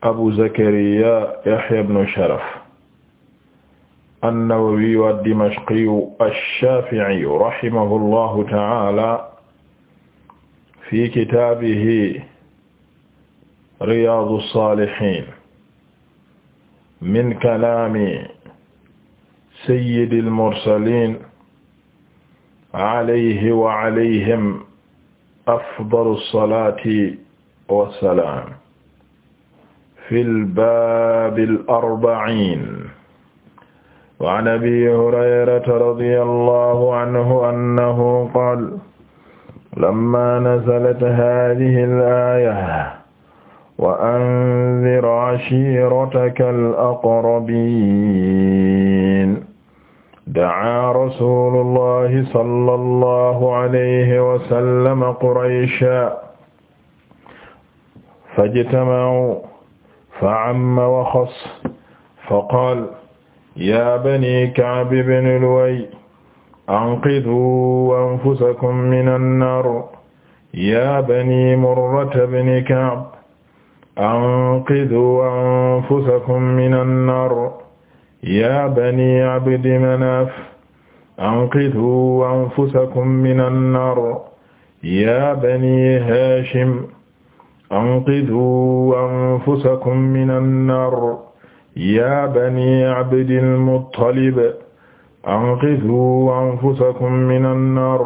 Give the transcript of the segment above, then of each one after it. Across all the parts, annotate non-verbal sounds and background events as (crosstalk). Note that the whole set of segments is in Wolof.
abu zakariya yahya ibn sharaf an-nawawi ad-dimashqi ash-shafi'i rahimahullahu ta'ala fi kitaabihi riyaadu saalihiin min kalaami sayyidil mursaliin alayhi wa alayhim afdalu salaati wa salaam fil baabil arba'iin wa an abii hurayrata radiyallaahu anhu annahu qaala lammaa nazalat haazihil aaya wa anzir ashiiratakal aqrabiin da'aa rasuulullaahi sallallaahu alayhi wa sallam qurayshan fajtama'uu fa amma wa xas fa qaal yaa bani Ka'b ibn Luway anqiduu anfusakum mina nnaar yaa bani Murrata bni Ka'b anqiduu anfusakum mina nnaar yaa bani Abdi Manaaf anqiduu anfusakum mina nnaar yaa bani Haashim anqiduu anfusakum min annar yaa bani abdil muttalib anqiduu anfusakum min annar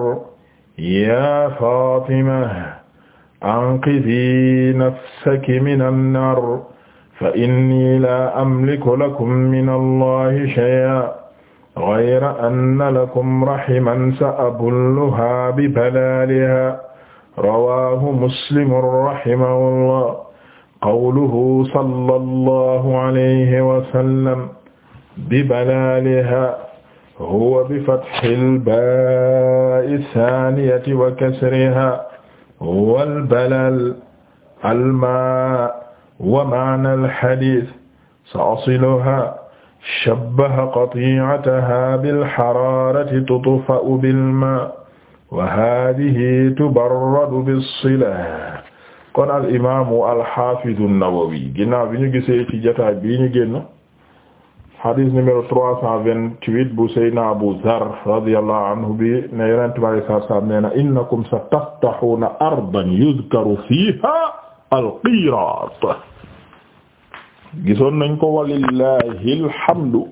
yaa faatima anqidii nafsaki min annar fa inni laa amliku lakum min allahi shay'an ghayra anna lakum rahiman sa abulluhaa bi balaalihaa rawaahu muslim rahimahullah qawluhu sallallahu alayhi wa sallam bibalaliha huwa bifathil baa'i saaniyati wa kasriha wal balal almaa wa ma'nal hadiis sa'siluha shabbaha qati'ataha bil haraarati tutfa'u bil maa' wa haadihi tubarradu bis-sila kon al imaamu al-haafidu an-Nawawi ginnaaw bi ñu gisee ci jotaay bii ñu génn hadis numéro trois cent vingt-huit bu Seydina Abu Dharr radiyallahu anhu bi ne Yonent bi alayhi salaatu salaam nee na innakum sataftahuuna ardan yuzkaru fiihaa al-qiiraat gisoon nañ ko walillahi alhamdu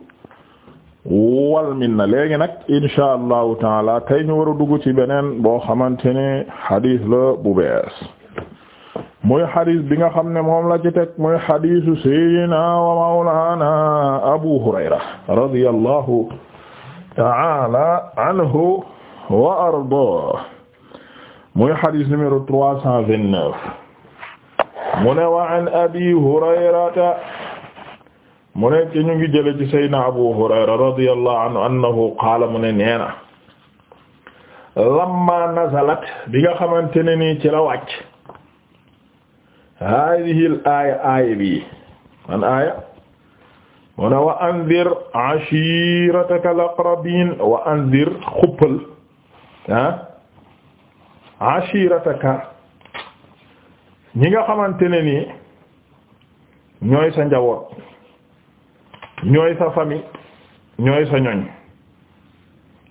wal minna léegi nag insha allahu taala tey ñu war a dugg ci beneen boo xamante ne xadiis la bu muy xadiis bi nga xam ne moom la ci teg muy xadiisu sayyidina wa mawlaana abu hurayra radiyallahu taala anhu wa arda muy xadiis numéro trois cent vingt wa an abi hurayrata mu ne ci ñu ngi jële ci saydna abu hurayra radiyallahu anhu annahu qaala mu ne nee na lamma nazalat bi nga xamante ne nii ci la wàcc hadihi l aaya aaya bi an aaya mu ne wa anzir ashirataka al aqrabin wa anzir xuppal ah ashirataka ñi nga xamante ne nii ñooy sa njawoot ñooy sa famille ñooy sa ñoñ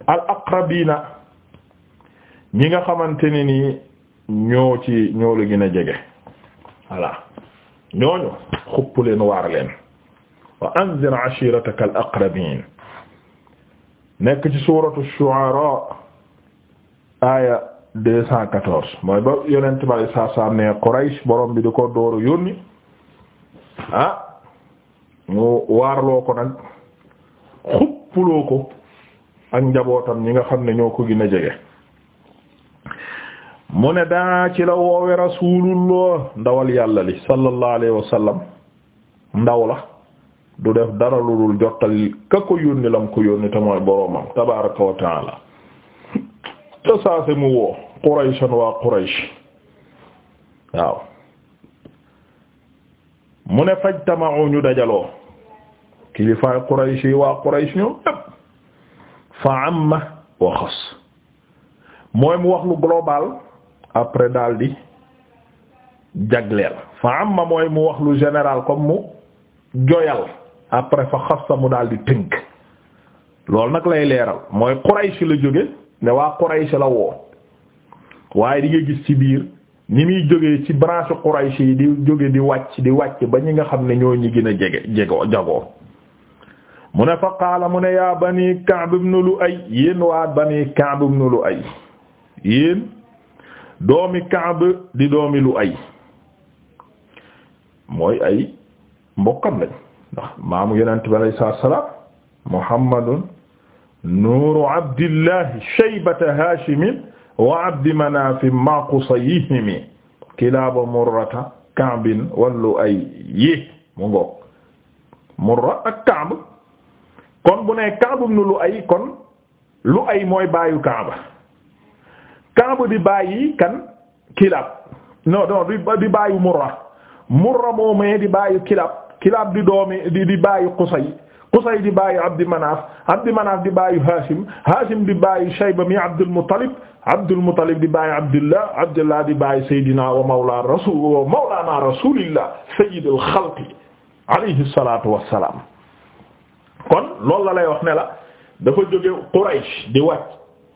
al aqrabina ñi nga xamante ne nii ñoo ci ñoo la gën a jege voilà ñooñu xupp leen waar leen wa anzir ashirataka al aqrabin nekk ci suratu shu'ara aya deux cent quatorze mooy ba yonent bari saa saa ne Quraysh borom bi di ko dooru yónni ah, mu waarloo ko nag xuppuloo ko ak njabootam ñi nga xam ne ñoo ko gën a jege mu ne daa ci la woowe rasulullah ndawal yàlla li sallallahu alayhi ndaw la du def dara lu dul jottali ka ko yónni lam ko yónni te mooy boroomam wa taala te saase mu woo qurayshan waa quraysh waaw mu ne fajtama'u ñu dajaloo kilifaay Quraysh yi waa Quraysh ñoom ñépp fa amma wa xas mooy mu wax lu global après daal di jagleel fa amma mooy mu wax lu général comme mu joyal après fa xas mu daal di tënk loolu nag lay leeral mooy Quraysh la jóge ne waa Quraysh la woo waaye di nga gis ci biir ni muy jóge ci branche Quraysh yi di jóge di wàcc di wàcc ba ñi nga xam ne ñoo ñi gën a jege jegoo jagoo mu ne fa qaala mu ne yaa bani Ka'b ibn Lu'ay yéen waa bani Ka'b ibn Lu'ay yéen doomi Ka'b di doomi Lu'ay mooy ay mbokkam lañ ndax maamu yonent bi alayhi salaatu wa salaam Muhammadun nuuru Abdillahi shaybata Haashimin wa Abdi Manaafin maa qusayhimi kilaaba Murrata Ka'bin wa Lu'ay yi mu ngoog Murra ak Ka'b kon bu ne Kaab ibn Lu'ay kon Lu'ay mooy baayu Kaaba Kaaba di baayi kan Kilab non non di baayu Murra Murra moomee di baayu Kilab Kilab di doomi di di baayu Qusay Qusay di baayu Abdi Manaf Abdi Manaf di baayu Hashim Hashim di baayu Shayba mi Abdul Muttalib Abdul Muttalib di baayu Abdillah Abdillah di baayu Seydina wa Mawla Rasul wa Mawlana Rasulillah Sayyidul Khalqi alayhi salatu wassalam kon loolu la lay wax ne la dafa jóge Quraysh di wàcc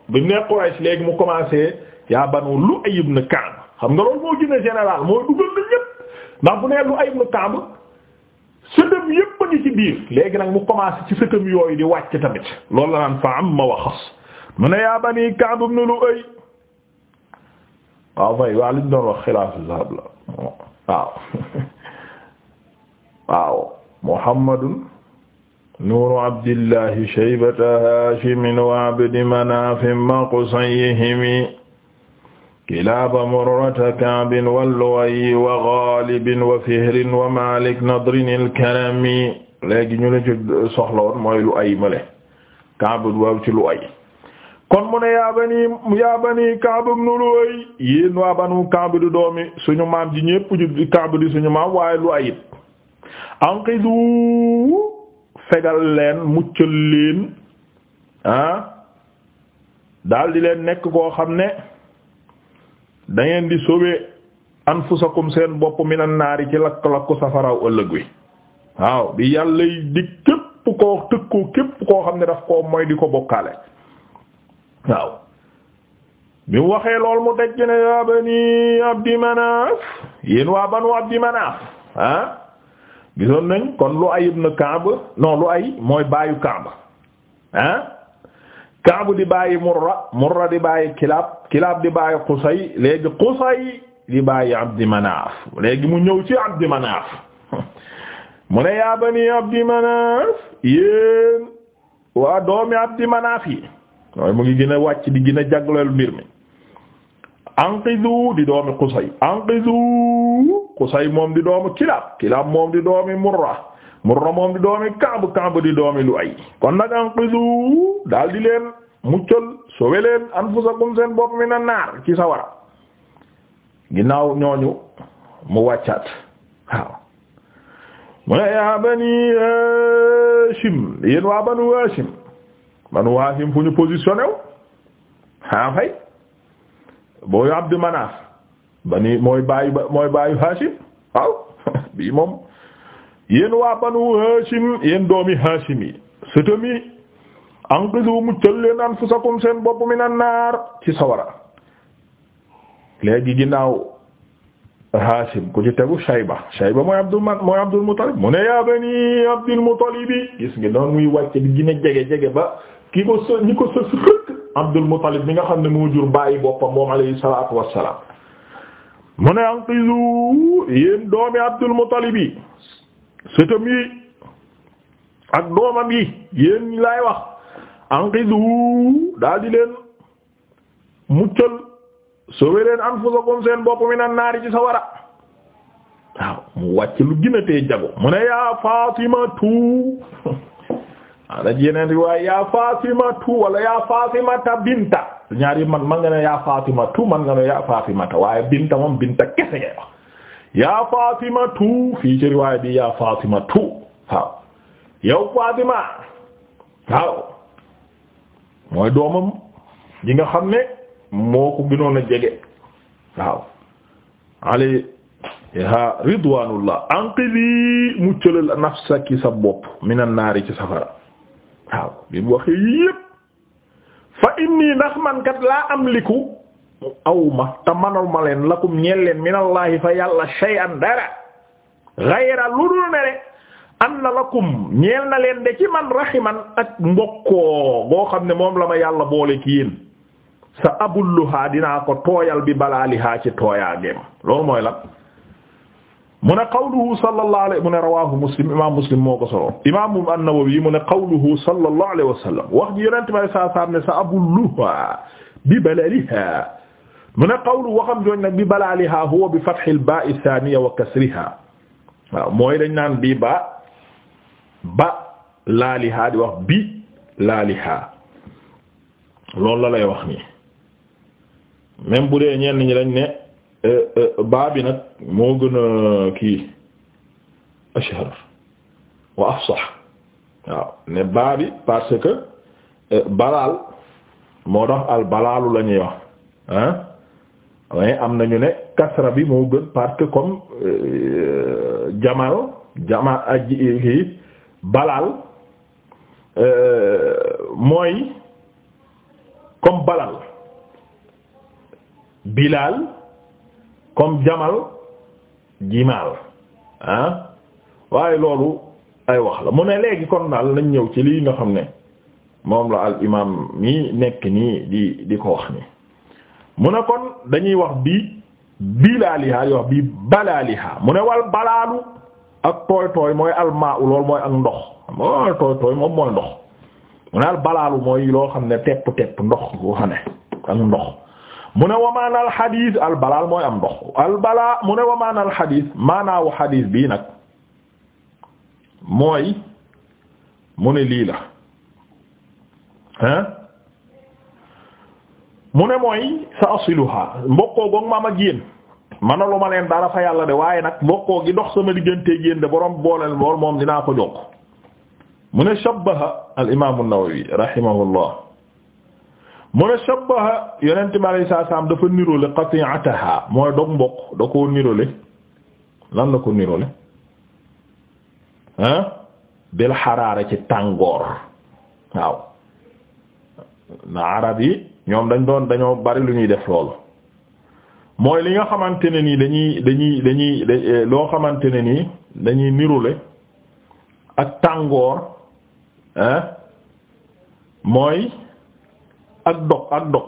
bu nee Quraysh léegi mu commencé yaa Banu Lu'ay ibn Ka'b xam nga loolu moo gën général mooy dugal na bu nee Lu'ay ibn Ka'b sëtëm yépp a ngi ci biir léegi nag mu commencé ci sëtëm yooyu di wàcc tamit loolu la naan fa amma wa xas mu ne yaa Bani Ka'b ibn Lu'ay waaw fay waa li ñu doon wax xilaafu zahab la waaw (laughs) waaw Muhammadun nuuru abdillahi shaybata haashimin wa abdi manaafin ma qusayhimi kilaaba murrata kaabin wa luwayyi wa gaalibin wa fihrin wa maalik nadrin al-karami léegi ñu la ci soxla mooy lu ay male kaab waaw ci lu ay kon mu ne yaa bani yaa bani Kaab ibn Lu'ay yéen waa Kaab di doomi suñu maam ji ñépp ju Kaab di suñu maam waaye lu ayit anqidu fegal leen muccal leen ah daal leen nekk koo xam ne dangeen ngeen di sauver anfusakum seen bopp minan naari ci lakk-lakku safaraaw ëllëg wi waaw di yàlla di képp koo tëkkoo képp koo xam ne daf koo mooy di ko bokkaale waaw bi mu lool mu degg ne yaa bani abdi manaaf yéen waa banu abdi manaaf ah gisoon nañ kon Lu'ay ibn Ka'b non Lu'ay mooy baayu Ka'b ah Ka'b di baayu Murra Murra di baayu Kilaab Kilaab di baayu Qusay léegi Qusay di baayu Abdi Manaaf léegi mu ñëw ci Abdi Manaaf (laughs) mu ne yaa bani Abdi Manaaf yéen waa doomi Abdi Manaaf yi mooy mu ngi gën a wàcc di gën a jagleel mbir mi anqidu di doomi Qusay anqidu Qusay moom di doomi Kilab Kilab moom di doomi Murra Murra moom di doomi Kaab Kaab di doomi Luay kon nag anqidu daal di leen muccal sowe leen anfusakum seen bopp mi na naar ci ginnaaw ñooñu mu wàccaat waaw mu ne yaa bani Hashim yéen waa banu Hashim banu Hashim fu ñu positionné booy Abdu Manaaf bani mooy baayu mooy baayu Haashim waaw (laughs) bii moom yéen waa banu Haashim yéen doomi Haashim yi sëtami anqizu muccal leen anfusakum seen bopp minan naar ci sawara léegi ginnaaw Haashim ku ci tegu Shayba Shayba mooy Abdul man mooy Abdul Muttalib mu ne yaa bani Abdul Muttalib gis nga noonu muy wàcce bi gën a jege jege ba ki ko së ñi ko sës rëkk Abdul Muttalib mi nga xam ne moo jur bàyyi boppam moom alayhi salaatu wassalaam mu ne anqizu yéen doomi Abdul Muttalib yi sëtam yi ak doomam yi yéen laay wax anqizu daal di leen muccal sauver leen anfusakum bopp minan naari ci sawara waaw mu wàcc lu gën a jago mu ne yaa Faatimatu waaw dañ yeneen riwaay yaa Faatimatu wala yaa Faatimata binta ñaari man man nga ne yaa Faatimatu man nga ne yaa Faatimata waaye binta moom binta kese ngay wax yaa Faatimatu fii ci riwaay bi yaa Faatimatu waaw yow Faatima waaw mooy doomam yi nga xam ne moo ko gënoon a jege waaw ali ha ridwaanullah anqidhi muccalal nafsaki sa bopp minan naari ci safara waaw bi mu waxee yépp fa inni ndax man kat laa amliku aw ma te manal ma leen lakum ñeel leen minallahi fa yàlla shay'an dara ghayra lu dul ne de am na lakum ñeel na leen de ci man rahiman ak mbokkoo boo xam ne moom la ma yàlla boole ci yéen sa abulluha dinaa ko tooyal bi balaaliha ci tooyaa gémm loolu mooy la mu ne qawluhu sallallahu alayhi mu ne rawaahu muslim imaam muslim moo ko solo imaam an-Nawawi mu ne qawluhu sallallahu alayhi wa sallam wax ji yonent bi saa saa ne sa abulluha bi balaliha mu ne qawlu waxam jooñ nag bi balaliha huwa bi fathil baa'i thaniya wa kasriha waaw mooy dañ naan bi ba ba laaliha di wax bi laaliha loolu la lay wax nii même bu dee ñenn ñi lañ ne. Euh, euh, baa bi nag moo gën a kii ashhar wa afsah waaw ne baa parce que euh, balaal moo tax al balaalu la ñuy wax ah mais am nañu ne kasra bi moo gën parce que comme jamal jamal ak kii balaal mooy comme balal bilal comme jamal jimaal ah, waaye loolu ay wax la mu ne léegi kon daal nañ ñëw ci lii nga xam ne moom la al imaam mii nekk nii di di ko wax nii mu ne kon dañuy wax bii bilaaliha di wax bii balaaliha mu ne wal balaalu ak tooy tooy mooy almaa u loolu mooy ak ndox mooy tooy tooy moom mooy ndox mu ne al balaalu mooy loo xam ne tepp tepp ndox goo xam ne ak ndox mu ne wa maanaal xadis albalaal mooy am ndox albalaa mu ne wa maanaal xadis maanaawu xadis bii nag mooy mu ne lii la mu ne mooy sa asiluha mbokkoo goog maam ak yéen manalu ma leen dara fa yàlla de waaye nag mbokkoo gi dox sama diggantee yéen de boroom booleel lool moom dinaa ko jokk mu ne shabbaha al imaamu an-Nawawi rahimahullah mu ne shabbaha yonent bi alayhi salaam dafa niroole qati'ataha mooy dog mbokk da koo niroole lan la ko niroole ah bil xaraara ci tàngoor waaw na arab yi ñoom dañ doon dañoo bari lu ñuy def loolu mooy li nga xamante ne nii dañuy dañuy dañuy eh, loo xamante ne nii dañuy niroole ak tàngoor ah mooy ak dog ak dog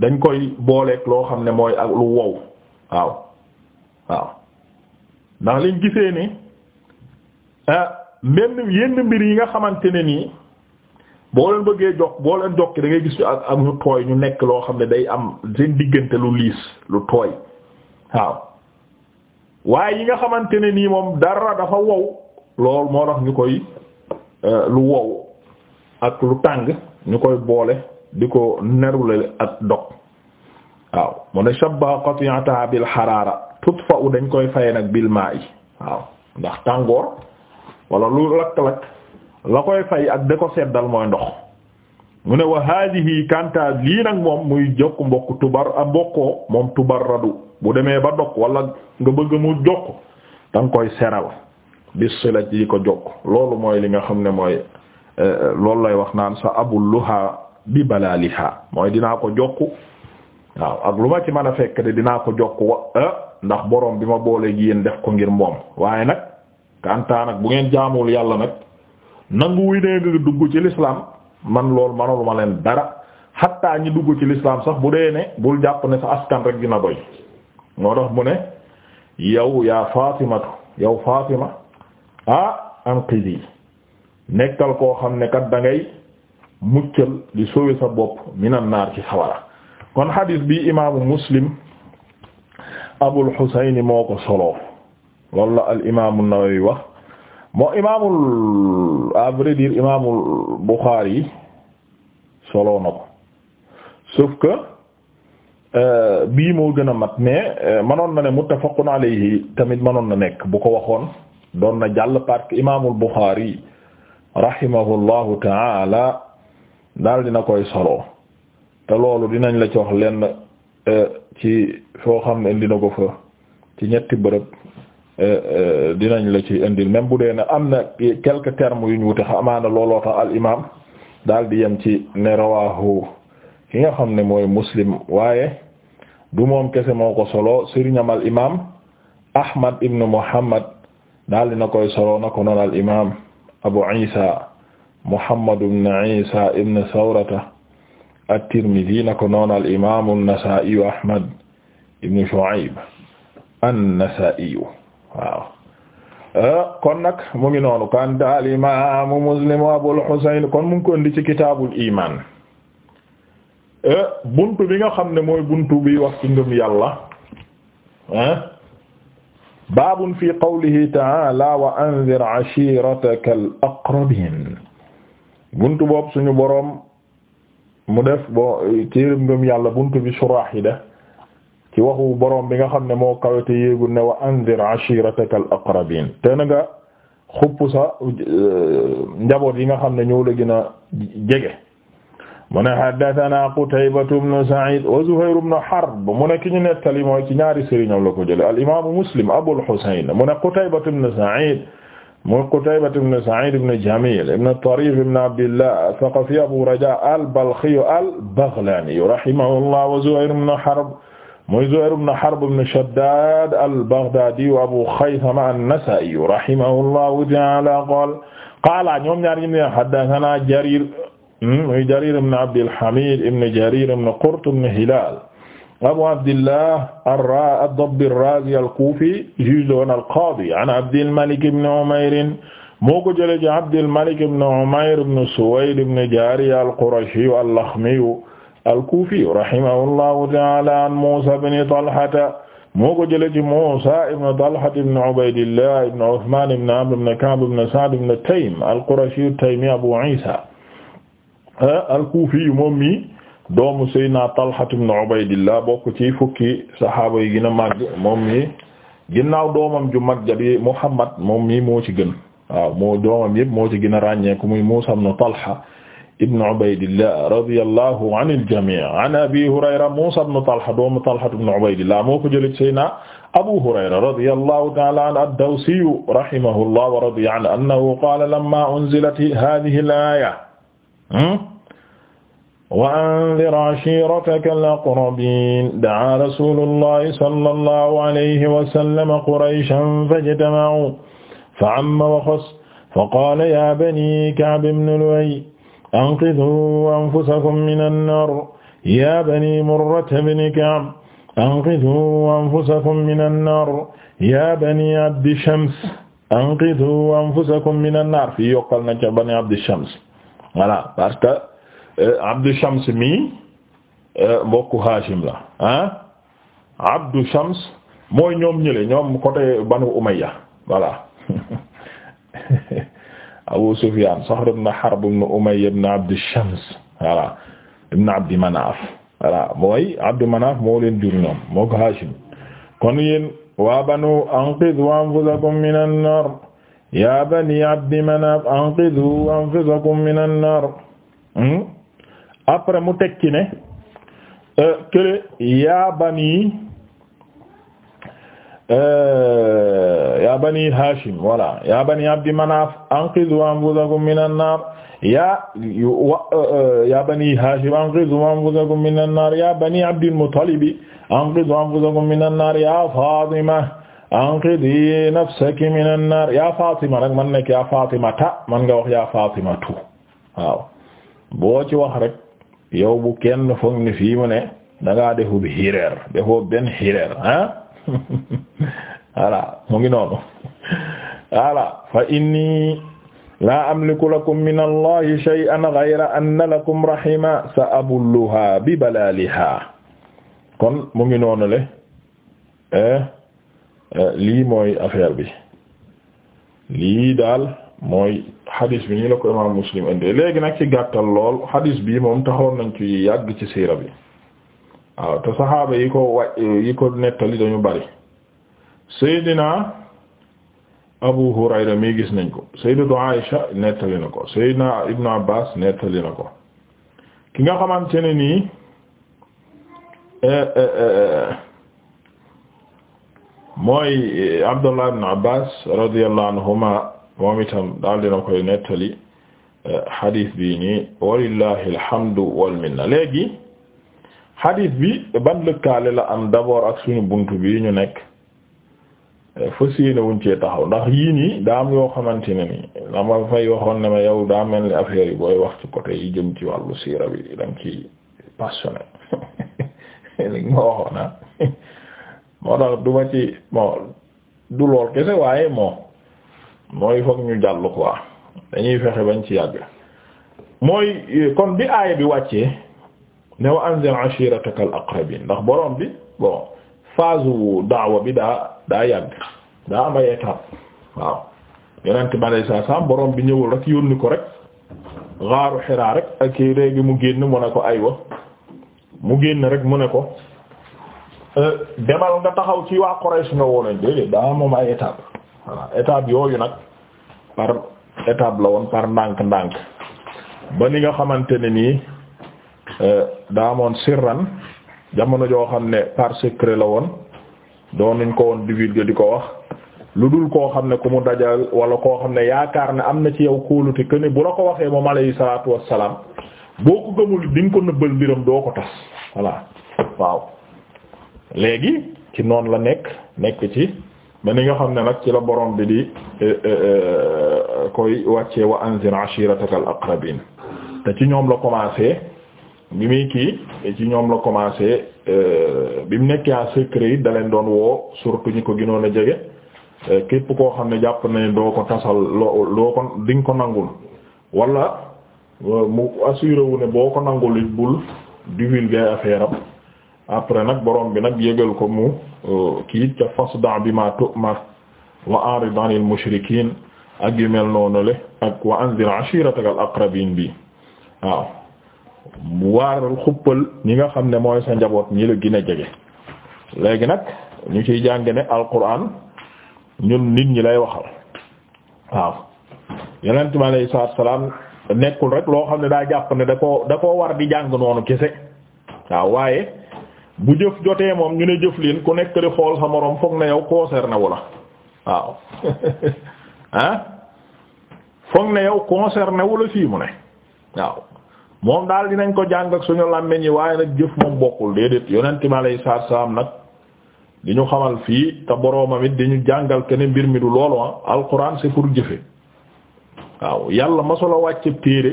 dañ koy booleek loo xam ne mooy ak lu wow waaw waaw ndax liñ gisee ni ah, menn yenn mbir yi nga xamante ne nii boo leen bëggee jokk boo leen jokki da ngay gis ñu ak ak ñu tooy ñu nekk loo xam ne day am seen diggante lu liis lu tooy waaw waaye yi nga xamante ne nii moom dara dafa wow lool moo tax ñu koy eh, lu wow ak lu tàng ñu koy boole di ko nerulale ak dog waaw mu ne shabba qati'ata bil xaraara tutfa u dañ koy fay nag bil ma'i waaw ndax tàngoor wala lu lakk-lakk la koy fay ak da ko seddal mooy ndox mu ne wa hadihi kanta lii nag moom muy jokk mbokk tubar a ah, mbokkoo moom tubar radu bu demee ba dog walla nga bëgg mu jokk da koy seral bis si la ci ko jokk loolu mooy li nga xam ne mooy Euh, loolu lay wax naan sa abul luha bi balaliha mooy dinaa ko jokk waaw ak lu ma ci mën a fekk de dinaa ko jokk wa euh, ndax borom bi ma boolee gi yéen def ko ngir moom waaye nag kantaa nag bu ngeen jaamul yàlla nag nangu wuy nga dugg ci l'islam man loolu manalu ma leen dara xattaa ñi dugg ci l'islam sax bu dee ne bul jàpp ne sa askan rek dina doy moo tax mu ne yow yaa fatimatu yow fatima ah anqidi nekkal koo xam ne kat da ngay muccal di sauver sa bopp minan naar ci sawara kon hadith bi imaamu muslim abul husayn moo ko solo loolu la al imaamu nawawi wax moo imaamul à imaamul buxaari solo na ko sauf que euh, bii moo gën a mat mais euh, manoon na ne muttafaqun alayhi tamit manoon na nekk bu ko waxoon doon na jàll parce imaamul buxaari rahimahullahu taala daal dina koy solo te loolu dinañ la ci wax lenn e, ci foo xam ne indi na ko fa ci ñetti bërëb e, e, dinañ la ci indi même bu dee ne am na quelques termes yu ñu wute xamaana looloo tax al imaam daal di yem ci ne rawaahu ki nga xam ne mooy muslim waaye du moom kese moo ko solo sëriñam al imaam Ahmad ibn Muhammad daal dina koy solo na ko noon al imaam. abu isa muhammad ibn isa ibn sawrata at-tirmidhi na ko noon al imaamu an-nasaa'iyu ahmad ibn shu'ayb an-nasaa'iyu waaw eh, kon nag mu ngi noonu kanta al imaamu muslim abul husayn kon mu ngi ko indi ci kitaabul imaan eh, buntu bi nga xam ne mooy buntu bi wax ci ngëm yàlla ah baabun fi qawlihi ta'ala wa anzir ashirataka al aqrabin buntu boobu suñu boroom mu def bo ci ngëm yàlla buntu bi suraax yi de waxu borom bi nga xam ne moo kawete yéegu ne wa anzir ashirataka al aqrabin te na nga xupp euh, njaboot yi nga xam ne ñoo la gën a jege mu ne haddathana Qutaybatu bnu Sa'id wa Zuhayru bnu Harb mu ne ki ñu nettali mooy ci ñaari sëriñam la ko jëlee al-imaamu Muslim Abul Husayn mu ne Qutaybatu bnu Sa'id mu Qutaybatu bnu Sa'id bnu Jamil ibnu Tariif ibnu Abdillah Saqafi Abu Raja al-Balkhi al-Baghlani rahimahullah wa Zuhayru bnu Harb muy Zuhayr ibn Harb ibn Shaddad al-Baghdadi wa Abu Khaythama an-Nasa'i rahimahullahu ta'ala qaala ñoom ñaar ñu ne haddathana Jarir Hmm, muy Jarir ibn Abdil Hamid ibn Jarir ibn Qurt ibn Hilal Abu Abdillah ad-Dabbi ar-Razi al-Kufi juge la woon al-Qadi an Abdil Malik ibn Umayr moo ko jëlee ci Abdil Malik ibn Umayr ibn Suwayd ibn Jariya al-Qurashi al-Lakhmi al-Kufi rahimahullahu ta'ala an Musa ibn Talha moo ko jëlee ci Musa ibn Talha ibn Ubaydillah ibn Uthman ibn Amr ibn Ka'b ibn Sa'd ibn Taym al-Qurashi at-Taymi Abu Isa Ah, al-Kufi moom mi doomu Seydina Talha ibn Ubaydillah bokk ci fukki saxaaba yi gën a màgg moom mi ginnaaw doomam ju mag jabi Muhammad moom mi moo ci gën waaw moo doomam yëpp moo ci gën a ràññeeku muy Muusaa ibn Talha ibn Ubaydillah radiyallahu anil jamii an Abi Hurayra Muusaa ibn Talha doomu Talha ibn Ubaydillah moo ko jëlee Seydina Abu Hurayra radiyallahu ta'ala anhu ad-Dawsi rahimahullah wa radiya anhu annahu qaala lamma unzilat haadhihi al-aaya Hmm? wa anzir ashiirataka al-aqrabiin da'aa rasuulullaahi sallallaahu alayhi wa sallam qurayshan fajtama'uu fa'amma wa xassa faqaala yaa banii Ka'b ibn Lu'ayy anqidhuu anfusakum mina nnaar yaa banii Murrata bni Ka'b anqidhuu anfusakum mina nnaar yaa banii Abdi Shams anqidhuu anfusakum mina nnaar fii yokkal na ca banii Abdi Shams voilà parce que euh, Abdou Shams mi euh, mbokku Hashim la ah Abdou Shams mooy ñoom ñële ñoom côté Banu Umayya voilà (laughs) Abu Sufyan Saxr ibn Harb ibn Umayya ibn Abd Shams voilà ibn Abd Manaf voilà mooy Abd Manaf moo leen jur ñoom moo ko Hashim kon yéen waa Banu anqidhu anfusakum minan nar yaa bani abdi manaf anqidu anfusakum minan nar hmm? après mu tekki ne kële euh, yaa bani euh, yaa bani hashim voilà yaa bani abdi manaf anqidu anfusakum minan nar yaa euh, yaa bani hashim anqidu anfusakum minan nar yaa bani abdil muttalibi anqidu anfusakum minan nar yaa fatima anqidhi nafsaki minan naar yaa Fatima rek man nekk yaa Fatima ta man nga wax yaa Fatima tu waaw boo ci wax rek yow bu kenn foog ni fii mu ne dangaa defub hireer defoo benn hireer ah (laughs) voilà mu ngi noonu voilà fa inni laa amliku lakum min allahi shay'an ghayra anna lakum rahima sa abulluha bi balaliha kon mu ngi noonu le eh? Euh, lii mooy affaire bi lii daal mooy xadis bi nii la ko imaam muslim indee léegi nag ci gàttal lool xadis bi moom taxoon nañ ci yàgg ci siira bi waaw te saxaaba yi ko wa yi ko nettali dañu bari seydina abu hurayra mi gis nañ ko sayyidatu aisha nettali na ko seydina ibnu abbas nettali na ko ki nga xamante ne eh, eh, eh, mooy eh, Abdullah ibn Abbas radiyallahu anhuma moom itam daal dina koy nettali hadith eh, bi nii walillahi alhamdu wal minna léegi hadith bi ban lëkkaale la am d'abord ak suñu buntu bi ñu nekk eh, fas yéene wuñ cee taxaw ndax yii nii daa am yoo xamante ne nii la ma fay waxoon ne ma yow daa mel ni affaire yi booy wax ci côté yi jëm ci wàllu siira bi da nga ciy passionné li (laughs) (laughs) moo tax du ma ci bon du lool kese waaye moo mooy foog ñu jàll quoi dañuy fexe bañ ci yàgg mooy kon bi aaya bi wàccee ne wa anzir ashiratakal aqrabin ndax borom bi bon phase daawa bi daa daa yàgg daa am ay étape waaw yonent bi alayhi salaam borom bi ñëwul rek yónni ko rek gaaru Hiraa rek ak léegi mu génn mu ne ko aywa mu génn rek mu ne ko. Euh, demal nga taxaw ci waa Quraysh nga woo leen déedéet daa moom ay étape voilà étape yooyu nag par étape la woon par ndànk-ndànk ba ni nga xamante ne nii euh, daa moon sirran jamono joo xam ne par secret la woon doonuñ ko woon divulguer di ko wax lu dul koo xam ne ku mu dajal wala koo xam ne yaakaar ne am na ci yow kóolute que bu la ko waxee moom alayhi salaatu wassalaam boo ko gëmul di nga ko nëbbal mbiram doo ko tas voilà waaw. léegi ci noonu la nekk nekk ci ba ni nga xam ne nag ci la borom bi di e, e, e, koy wàccee wa anzir ashirataka al aqrabin te ci ñoom la commencé bi muy kii ci ñoom la commencé bi mu nekk en secret yi daleen doon woo surtout ñi ko ginoon a jege képp koo xam ne jàpp na doo ko tasal loo loo ko di nga ko nangul wala mu assuré wu ne boo ko nangul bul bul divulguer affaire am après nag borom bi nag yëgal ko mu euh, kii ca fasda bima tu'mar wa a'rid 'anil mushrikiin ak yu mel noonu le ak wa anzir 'ashiratakal aqrabiin bi waaw waaral xuppal ñi nga xam ne mooy sa njaboot ñi la gin a jege léegi nag ñu ciy jàng ne alquran ñun nit ñi lay waxal waaw yonent bi alayhi salaatu salaam nekkul rek loo xam ne daa jàpp ne da ko da koo war di jàng noonu kese waaw waaye bu jëf jotee moom ñu ne jëf leen ku nekk di xool sa moroom foog na yow concerné wu la waaw ah (laughs) foog na yow concerné wu la fii mu ne waaw moom daal dinañ ko jàng ak suñu làmmiñ yi waaye nag jëf moom bokkul déedéet yonent ma lay saar saam nag di ñu xamal fii te boroomam it di ñu jàngal kenn mbir mi du loolu ah alxuraan c'est pour jëfe waaw yàlla masula wàcce téere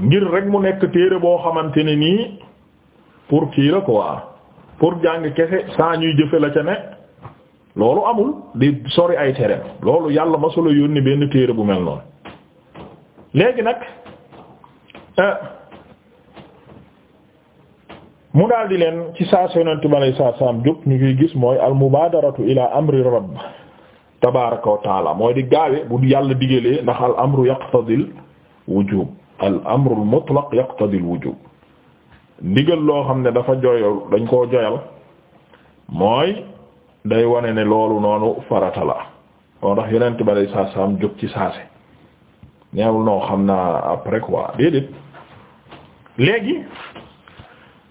ngir rek mu nekk téere boo xamante ne nii pour kii la ko quoi pour jàng kese saa ñuy jëfe la ca ne loolu amul di sori ay tere loolu yàlla ma solo yónni benn téere bu mel noonu léegi nag euh, mu daal di leen ci saa soynantu bi alei saatu salaam ñu koy gis mooy al mubadaratu ila amri rabb tabaraka wa taala mooy di gaawe bu yàlla digalee ndax al amru yaqtadil wujub al amru al mutlaq yaqtadil wujub ndigal loo xam ne dafa joyal dañ koo joyal mooy day wone ne loolu noonu farata la moo tax yeneen ba day saa saam jóg ci saase neewul noo xam naa après quoi déedéet léegi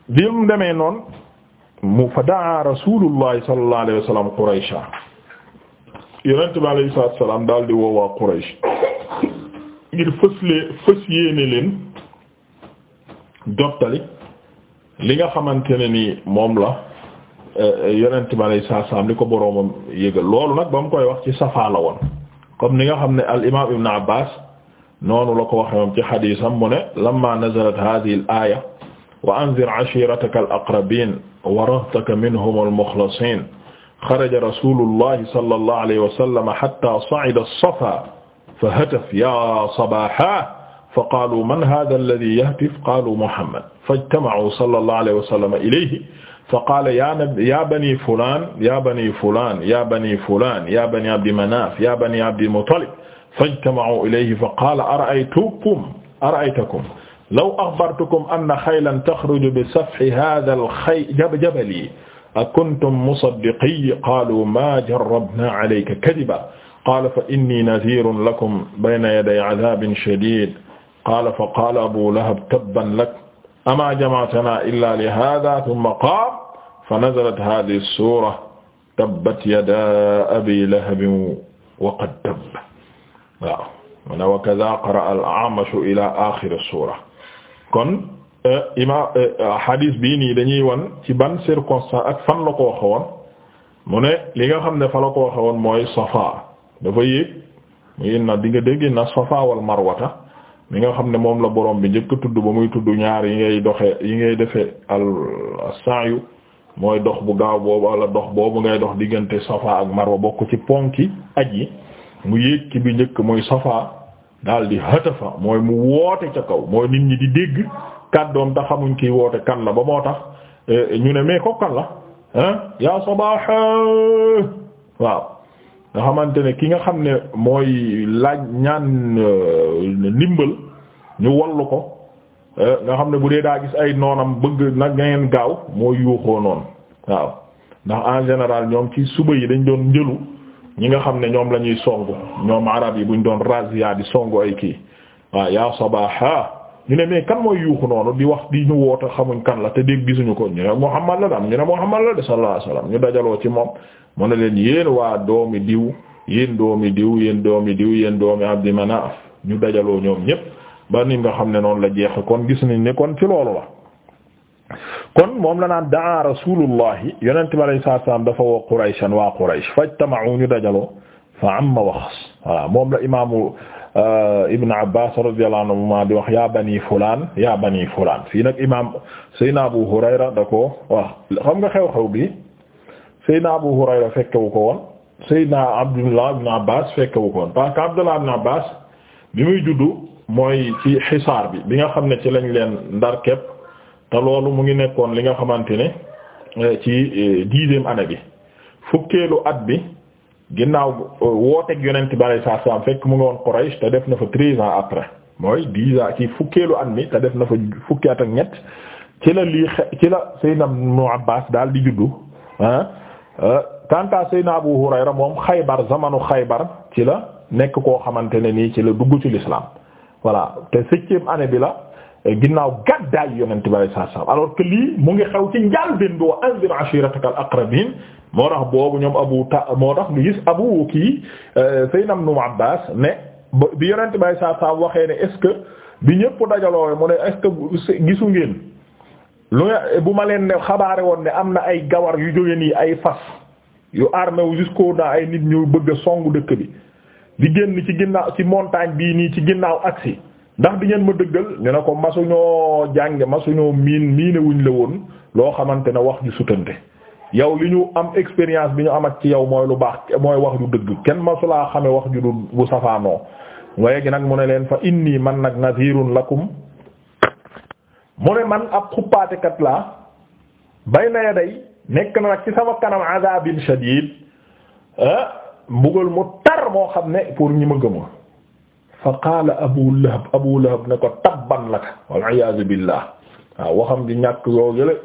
bi mu demee noon mu fa daa rasulullahi sallallahu alayhi wa sallam Quraysha yonent bi alayhi salaatu di woo waa ngir fës lee fës yéene leen jottali li nga xamante ne ni moom la eh, yonent bi alayhi salaam li ko boroomam yëgal loolu nag ba mu koy wax ci safaa la woon comme ni nga xam ne al imaam ibn Abbaas noonu la ko waxee moom ci xadiisam mu ne lamma nazalat haadihi al aaya wa anzir ashiirataka al aqrabiin wa rahtaka minhum al muxlasiin xaraja rasuulullahi sallallahu alayhi wa sallam hattaa sa'ida as-safaa fa hataf yaa sabaaha fa qaalu man haaza alladii yahtif qaalu Muhammad fajtama'uu sallallahu alayhi wa sallam ilayhi fa qaala yaa na yaa banii fulaan yaa banii fulaan yaa banii fulaan yaa banii abdi manaaf yaa banii abdi mutalib fajtama'uu ilayhi fa qaala ara'aytukum ara'aytakum law axbartukum anna xaylan taxruju bi safhi haazal xayli jabali akuntum musaddiqii qaalu maa jarrabnaa alayka kadiban qaala fa innii naziirun lakum bayna yaday azaabin shadiid qaala fa qaala abu lahab tabban lak amaa jama'tanaa illaa li haadaa thumma qaama fa nazalat haadihi suura tabbat yadaa abii lahabin wa qad tabba waaw mu ne wa kazaa qara'a al-A'mash ilaa aaxiri suura kon eh, imaam eh, ah, hadis bii nii dañuy wan ci ban circonstance ak fan la ko waxee woon mu ne li nga xam ne fa la ko waxee woon mooy Safa dafa yéeg mu na di nga dégg na Safa wal Marwata mi nga xam ne moom la borom bi njëkk tudd ba muy tudd ñaar yi ngay doxe yi ngay defe al sa'yu mooy dox bu gaaw boobu wala dox boobu ngay dox diggante safa ak marwa bokk ci ponki aj yi mu yéeg bi njëkk muy safa daal di hatafa mooy mu woote ca kaw mooy nit ñi di dégg kàddoom tax xamuñ kiy woote kan la ba moo tax eh, ñu ne mais ko kan la ah yaa sabaha waaw nga xamante ne ki nga xam ne mooy laaj ñaan euh, ndimbal ñu wallu ko euh, nga xam ne bu dee daa gis ay noonam bëgg nag ngeen gaaw moo yuuxoo noon waaw ndax en général ñoom ci suba yi dañ doon njëlu ñi nga xam ne ñoom la ñuy song ñoom arab yi bu ñu doon razia di song ay kii waaw yaa sabaha ñu ne mais kan mooy yuuxu noonu di wax di ñu woote xamuñ kan la te dégg gisuñu ko ñu ne Muhammad la dam ñu ne Muhammad la de sallallahu alayhi wasallam ñu dajaloo ci moom mu ne leen yéen waa doomi diw yéen doomi diw yéen doomi diw yéen doomi Abdi Manaf ñu dajaloo ñoom ñépp ba ni nga xam ne noonu la jeex kon gis nañ ne kon ci loolu la kon moom la naan daa rasulullahi yonente bi alayhi salaatu salaam dafa woo Qurayshan waa Quraysh fajtama'u ñu dajaloo fa amma waxas voilà moom la imaamu Euh, ibn Abbas radiyallahu anhuma di wax yaa bani fulaan yaa bani fulaan fii nag imaam Seydina Abu Hurayra da ko wax xam nga xew-xew bi Seydina Abu Hurayra fekkewu ko woon Seydina Abdullah ibn Abbas fekkewu ko woon parce Abdullah ibn Abbas bi muy juddu mooy ci xisaar bi bi nga xam ne ci lañ leen ndar te loolu mu ngi nekkoon li nga xamante ne eh, ci eh, dixième année bi fukkeelu at bi. ginnaaw wooteeg yonent bi alayhi salaatu salaam fekk mu ngi woon Quraysh te def na fa treize ans après mooy dix ans ci fukkeelu at mi te def na fa fukki at ak ñett ci la lii ci la Seydina Ibnu Abbaas daal di juddu ah euh, naa bu Abu Hurayra moom Xaybar zamanu Xaybar ci la nekk koo xamante ne nii ci la dugg ci l'islam voilà te septième année bi la. ginnaaw gàddaay yonent bi alayhi salaam alors que lii mu ngi xew ci njàlbéen bi wa anzir ashiratak al aqrabin moo tax boobu ñoom abu ta moo tax lu gis abu kii euh, Seydina Ibnu Abbaas ne bi yonent bi alayhi salaam waxee ne est-ce que bi ñépp dajaloo mu ne est gisu ngeen lu bu ma leen ne xabaare woon ne am na ay gawar yu jóge nii ay fas yu armé wu jusqu'au ay nit ñu bëgg a songu dëkk bi di génn ci ginnaaw ci montagne bii nii ci ginnaaw aksi ndax di ngeen ma dëggal ñu ne ko masuñoo jànge masuñoo miin miine wuñ la woon loo xamante ne wax ju sutante yow li ñu am expérience bi ñu am ak ci yow mooy lu baax mooy wax ju dëgg kenn masulaa xame wax ju du bu safaanoo léegi nag mu ne leen fa inni man nag nazirun lakum mu ne man ab xuppaatekat laa bay na ya day nekk na nag ci sama kanam azabin shadid ah, mbugal mu tar moo xam ne pour ñi ma gëma fa qaala abu lahab abu lahab ne ko tabban laka wal iyaazu billah waaw waxam di ñàkk yoo yële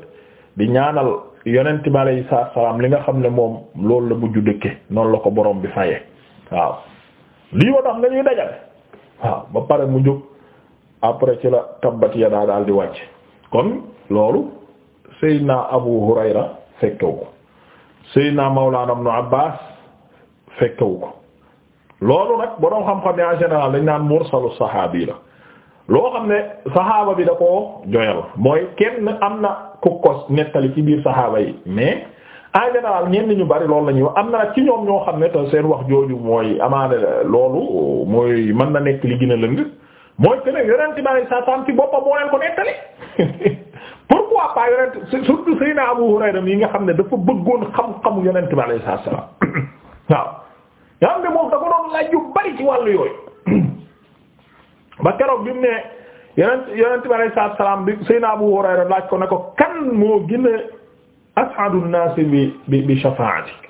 di ñaanal yonent bi alayhi salaam li nga xam ne moom loolu la mujj dëkke noonu la ko boroom bi faye waaw lii moo tax nga ñuy dajale waaw ba pare mu jóg après ci la tabbat daal di wàcc kon loolu Seydina Abu Hurayra fekkewu ko Seydina Mawlana Ibn Abbaas fekkewu ko loolu nag borom xam-xam ne général dañ naan mursalu saxaabi la loo xam ne saxaaba bi da koo la mooy kenn am na ku ko nettali ci biir saxaaba yi mais en général ñenn ñu bari loolu la ñuy am na nag ci ñoom ñoo xam ne te seen wax jooju mooy amaana loolu mooy mën na nekk li gën a lëng mooy que ne yonent bi sa saam ci boppam moo leen ko nettali (laughs) pourquoi pas yonent surtout Seydina Abu Hurayra yi nga xam ne dafa bëggoon xam-xamu yonent bi alayhi (coughs) nga xam ne moom da ko doon laaj yu bari ci wàllu yooyu (clears throat) ba keroog bi mu ne yonent yonent bi alayhi salaam bi Seydina Abu Hurayra laaj ko ne ko kan moo gën a as'adu an-naas bi bi bi shafaatik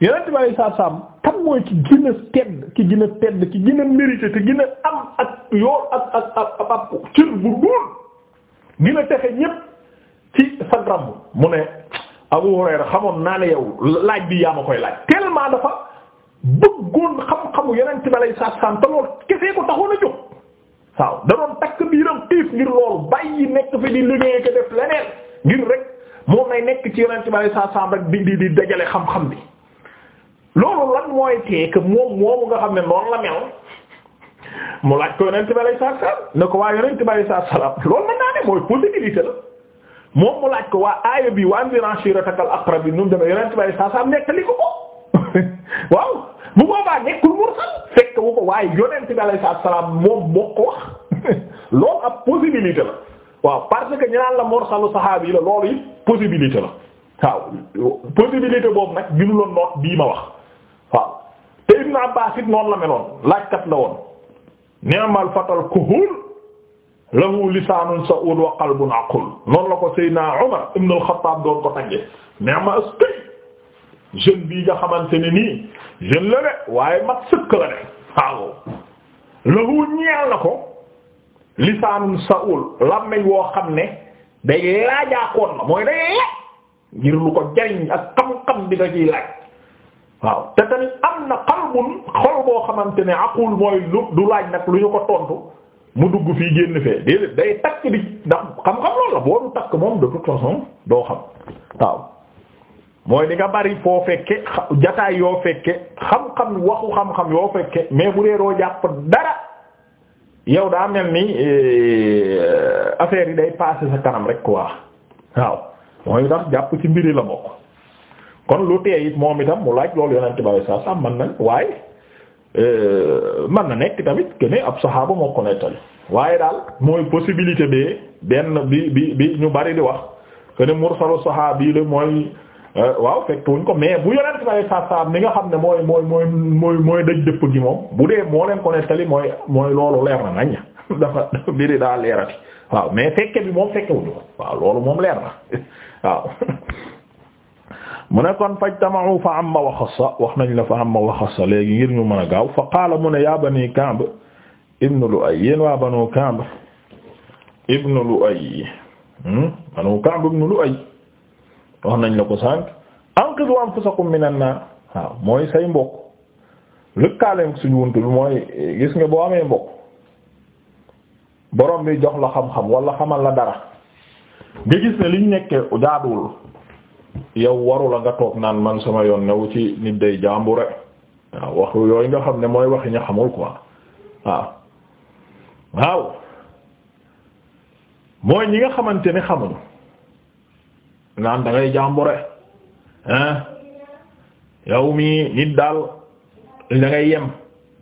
yonent bi alayhi salaam kan mooy ki gën tedd ki gën tedd ki gën a te gën am ak yoon ak ak ak ak cër bu dul gën texe ñépp ci sa gramme mu ne Abu Hurayra xamoon naa ne yow laaj bi yaa ma koy laaj tellement dafa. bëggoon xam-xamu yeneen ci balay saa sant loolu kese ko taxoon a jóg waaw da doon takk biiram xiif ngir loolu bàyyi nekk fi di liggéey ko def leneen ngir rek moom nay nekk ci yeneen ci balay saa sant rek di di di dajale xam-xam bi. loolu lan mooy tee moom moomu nga xam ne noonu la mel mu laaj ko yeneen ci balay saa sant ne ko waa yeneen ci balay saa salaam naa ne mooy possibilité la moom mu laaj ko waa aaya bi wa anzir ashiratakal aqrabin nu mu demee saa sant ko. (laughs) waaw bu boobaa nekkul mursal fekk wu ko waaye yonent bi alayhi salaam moom moo ko wax (laughs) loolu ab possibilité la waaw parce que ñu la mursalu saxaabi la loolu it possibilité la waaw possibilité boobu nag ginu loon noot bii ma wax waaw te Ibn Abbas it noonu la meloon laajkat la woon ni'mal fatal kuhul lahu lisaanun sa'ud wa qalbun aqul noonu la ko Seydina Umar ibn al doon ko tagge ni'ma asqi jeune bii nga xamante ne nii jeune la de waaye mat sëkk la de waaw lahu ñeel na ko lisaanun saul làmmeñ woo xam ne day laajaakoon la mooy day laaj ngir lu ko jariñ ak xam-xam bi nga laaj waaw te tamit am na qalbun xol boo xamante ne aqul mooy du laaj nag lu ñu ko tontu mu dugg fii génn fee déedéet day takk di xam-xam loolu la boo takk moom de toute façon doo xam waaw mooy di nga bari foo fekke jataay yoo fekke xam-xam waxu xam-xam yoo fekke mais bu reeroo jàpp dara yow daa mel ni e, affaire yi day passé sa kanam rek quoi waaw mooy tax jàpp ci mbiri la bokk kon lu tee it moom itam mu laaj loolu yonent bari saa saa man nañ waaye e, man na nekk tamit que ne ab saxaaba moo ko nettali waaye daal mooy possibilité bi benn bi bi bi ñu bari di wax que ne mursalu saxaabi la mooy Euh, waaw fekk wuñ ko mais bu yonent bi alayhi salaam li nga xam ne mooy mooy mooy mooy mooy daj dëpp gi moom leen ko nettali mooy mooy loolu leer na nañ (laughs) dafa mbiri daa leerati waaw mais fekke bi moom fekke wuñu ko waaw loolu moom leer na (laughs) waaw (laughs) mu ne kon fajtama'u fa amma wa wax nañ la fa amma wa xassa léegi ngir ñu mën a gaaw fa qaala mu ne yaa bani Ka'b ibnu Lu'ay yéen banu Ka'b ibnu Lu'ay hmm? banu wax nañ la ko sànq anqidu anfusakum minan naar waaw mooy say mbokk lëkkaaleem suñu wunt bi mooy gis nga boo amee mbokk boroom bi jox la xam-xam wala xamal la dara nga gis ne liñ nekkee jaaduwul yow waru la nga toog naan man sama yoon newu ci nit day jàmbure waaw waxu yooyu nga xam ne mooy waxi ña xamul quoi waaw waaw mooy ñi nga xamante ne xamuñu naan da ngay jàmbure hein yow mii nit daal dangay yem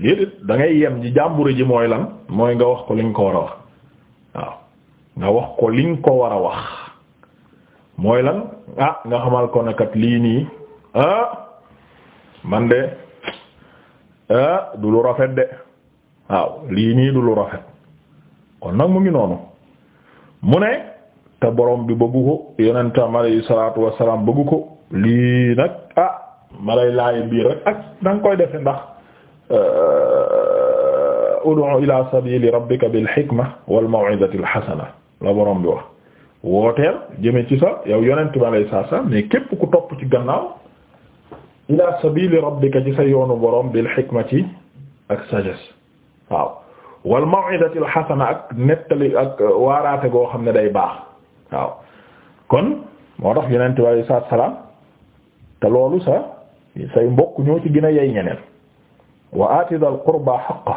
déedéet da ngay yem ji jàmbure ji mooy lan mooy nga wax ko li ko war a wax waaw nga wax ko liñ nga ko war a wax mooy lan ah nga xamal ko nakat lii nii ah man de ah, du lu rafet de waaw lii nii du lu rafet kon nag mu ngi noonu mu ne te borom bi bëggu ko yonentam alayhi salaatu wassalaam bëggu ko lii nag ah ma lay laay biir rek ak na nga koy defe ndax euh, ud'u ila sabili rabbika bil hikma wal maw'izati al hasana bi wax wooteel jëme ci sa yow yonent bi alayhi képp ku topp ci gannaaw ila sabili rabbika ci sa borom bil hikma ci ak sagesse waaw wal maw'izati al ak nettali ak waaraate goo xam ne day baax waaw kon moo tax yonent bi alayhi salaatu salaam te loolu sa say mbokk ñoo ci gën a yey ñeneen wa aati dal qurba xaqa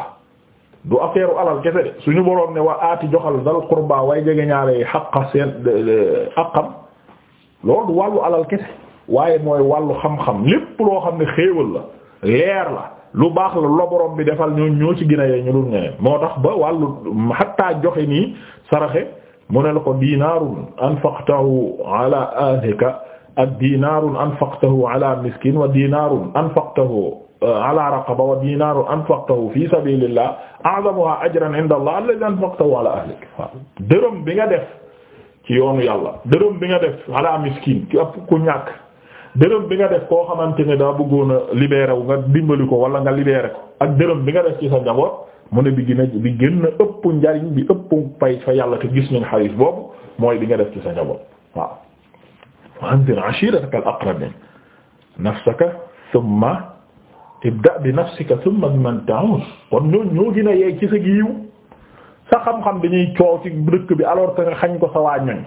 du affaire alal kese de suñu boroom ne wa aati joxal dal qurba way jege ñaale xaqa seen aqam loolu du wàllu alal kese waaye mooy wàllu xam-xam lépp loo xam ne xéewal la leer la lu baax la lo boroom bi defal ñoo ñoo ci gina a yey ñu dul ñeneen moo tax ba wàllu xattaa joxe nii saraxe mu ne la ko dinaarun anfaqtahu ala ahlika ak dinaarun anfaqtahu ala miskin wa dinaarun anfaqtahu euh, ala raqaba wa dinaarun anfaqtahu fi sabilillah a'zamuha ajran inda allah alladhi anfaqtahu ahlik waaw bi nga def ci yoonu yàlla dërëm bi nga def ala miskin ki ëpp ku ñàkk dërëm bi nga def koo xamante ne daa bëggoon a libéré wu nga dimbali ko wala nga libéré ko ak dërëm bi nga def ci sa mu ne bi gën a bi gën ëpp njariñ bi ëpp pay fa yàlla te gis ñu nañ xalis boobu mooy bi nga def ci sa njaboot waaw wa anzir ashiratak al aqrabin nafsaka thumma ibda bi nafsika thumma bi man ta'ul kon ñoo ñoo gën a yeeg ci sa giiw sa xam-xam dañuy coow ci dëkk bi alors que nga xañ ko sa waa ñoñ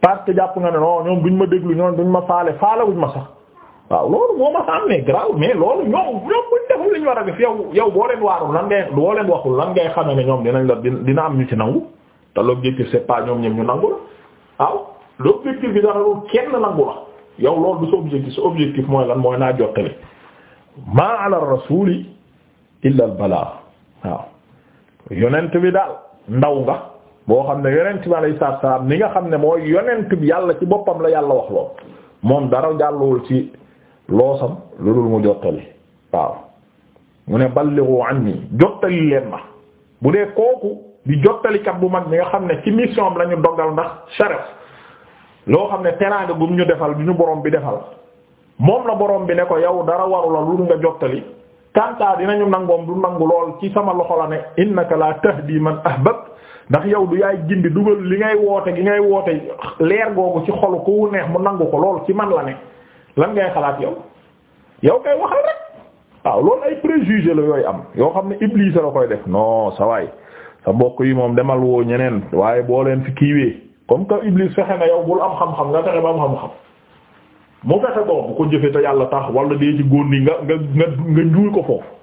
parce que jàpp nga ne non ñoom ñu ma déglu ñoom duñ ma faale faale ma sax waaw loolu moo ma am ne grave mais loolu ñoom ñoom buñ deful li war a def yow yow boo leen waarul lan ngay boo leen waxul lan ngay xamee ne ñoom dinañ la dina am ñu ci nangu te l'objectif c'est pas ñoom ñoom ñu nangu la waaw l'objectif bi dara loolu yow loolu du sa objectif sa objectif mooy lan mooy naa jottali maa ala rasuli illa al balaa waaw yonent bi daal ndaw nga boo xam ne yonent bi alayhi salaam ni nga xam ne mooy yonent bi yàlla ci boppam la yàlla wax lool moom dara loosam lu dul mu jottali waaw mu ne ballighu anni jottali leen ma bu dee kooku di jottalikat bu mag mi nga xam ne ci mission am la ñu dogal ndax sharaf loo xam ne teraanga gum ñu defal du ñu boroom bi defal moom la borom bi ne ko yow dara warula lu dul nga jottali kanta dinañu nangoom du nangu lool ci sama loxo la ne innaka la tahdi man ahbabt ndax yow du yaay gindi dugal li ngay woote gi ngay woote leer googu ci xolu ku neex mu nangu ko lool ci man la ne lan ngay xalaat yow yow kay waxal rek waaw loolu ay préjugé la yooyu am yoo xam ne Iblis la koy def noo sa waay sa mbokk yi moom demal woo ñeneen waaye boo leen fi kiiwee comme que Iblis fexe na yow bul am xam-xam nga fexe ba am xam-xam mu fexe boobu ko jëfee te yàlla tax wala dee di góor ñi nga nga nga njuuy ko foofu.